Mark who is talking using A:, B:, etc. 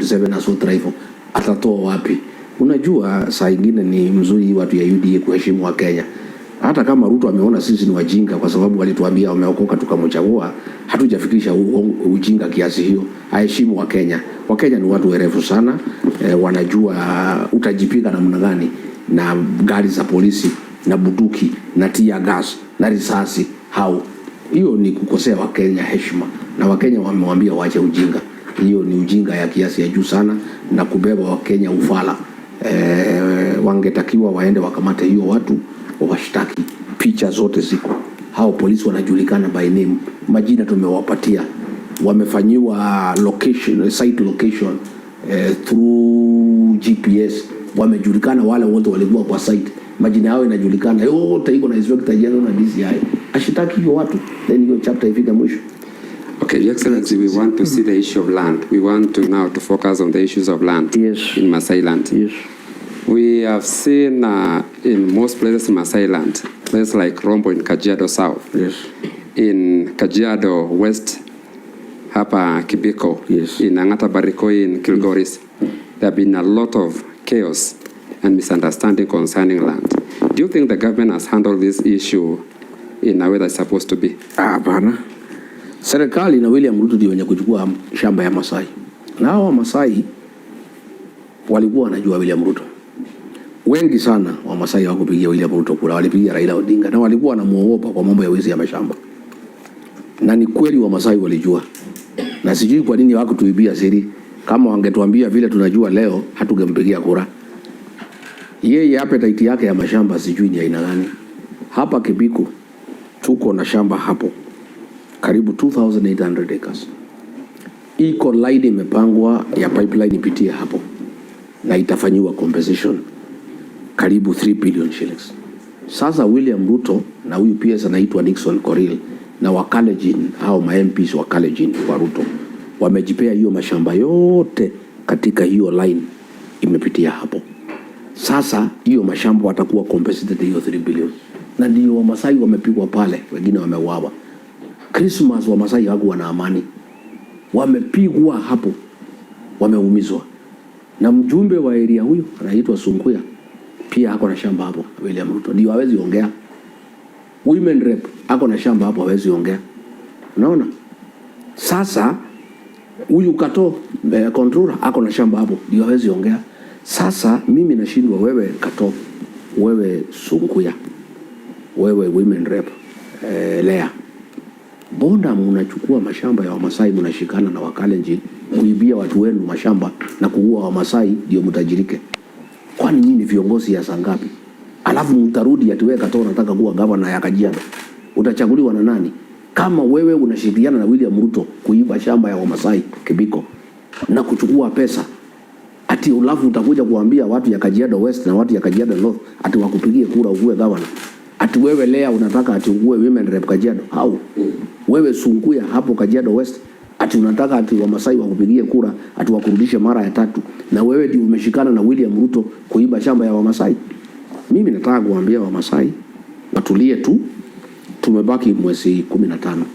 A: hivyo atatoa wapi? Unajua, saa ingine ni mzuri watu ya UDA kuheshimu Wakenya. Hata kama Ruto ameona sisi ni wajinga, kwa sababu alituambia wameokoka, tukamchagua, hatujafikisha ujinga kiasi hiyo. Aheshimu Wa Kenya ni watu werevu sana e, wanajua uh, utajipiga namna gani na gari za polisi na buduki na tia gas na risasi hau. Hiyo ni kukosea Wakenya heshima, na Wakenya wamewambia waache ujinga hiyo ni ujinga ya kiasi ya juu sana na kubeba Wakenya ufala. E, wangetakiwa waende wakamate hiyo watu washtaki. Picha zote ziko, hao polisi wanajulikana by name, majina tumewapatia, wamefanyiwa location, site location eh, through GPS wamejulikana, wale wote walikuwa kwa site, majina yao inajulikana yote, iko na inspector general na DCI ashitaki hiyo watu, then hiyo chapter ifika mwisho.
B: Okay, Your Excellency, we want to see the issue of land. We want to now to focus on the issues of land Yes. in Masai land. Yes. We have seen uh, in most places in Masai land, places like Rombo in Kajiado South, Yes. in Kajiado West, hapa Kibiko, Yes. in Angata Barikoi, in Kilgoris, there have been a lot of chaos and misunderstanding concerning land. Do you think the government has handled this issue in a way that's supposed to be?
A: Ah, serikali na William Ruto ndio wenye kuchukua shamba ya Masai, na hao Masai walikuwa wanajua William Ruto. Wengi sana wa Masai hawakupigia William Ruto kura, walipigia Raila Odinga na walikuwa wanamuogopa kwa mambo ya wizi ya mashamba. Na ni kweli wa Masai walijua. Na sijui kwa nini hawakutuibia siri. Kama wangetuambia vile tunajua leo, hatungempigia kura. Yeye taiti yake ya mashamba sijui ni aina gani. Hapa Kibiku tuko na shamba hapo karibu 2800 acres. Iko line imepangwa ya pipeline ipitie hapo na itafanyiwa compensation karibu 3 billion shillings. Sasa William Ruto na huyu pia anaitwa Nixon Koril na Wakalejin au ma MPs wa Kalejin wa Ruto wamejipea hiyo mashamba yote katika hiyo line imepitia hapo. Sasa hiyo mashamba watakuwa compensated hiyo 3 billion, na ndio Wamasai wamepigwa pale, wengine wameuawa. Christmas wa Masai wangu wana amani, wamepigwa hapo, wameumizwa na mjumbe wa eria huyo anaitwa Sunkuya pia ako na shamba hapo. William Ruto ndio hawezi ongea, women rep ako na shamba hapo, hawezi ongea. Unaona sasa, huyu Kato eh, Kontrura ako na shamba hapo, ndio hawezi ongea. Sasa mimi nashindwa, wewe Kato, wewe Sunkuya, wewe women rep eh, Lea mbona mnachukua mashamba ya Wamasai mnashikana na Wakalenjin kuibia watu wenu mashamba na kuua Wamasai ndio mtajirike? Kwani nyinyi ni viongozi ya sangapi Alafu mtarudi ati wewe Katoo kuwa gavana ya Kajiado. Utachaguliwa na nani? Kama wewe unashirikiana na William Ruto kuiba shamba ya Wamasai Kibiko na kuchukua pesa ati, ulafu utakuja kuambia watu ya Kajiado West na watu ya Kajiado North ati wakupigie kura uwe gavana. Ati wewe Lea unataka ati ungue women rep Kajiado? Hao wewe Sunguya hapo Kajiado West, ati unataka ati Wamasai wakupigie kura ati wakurudishe mara ya tatu, na wewe ndio umeshikana na William Ruto kuiba shamba ya Wamasai. Mimi nataka kuambia Wamasai watulie tu, tumebaki mwezi kumi na tano.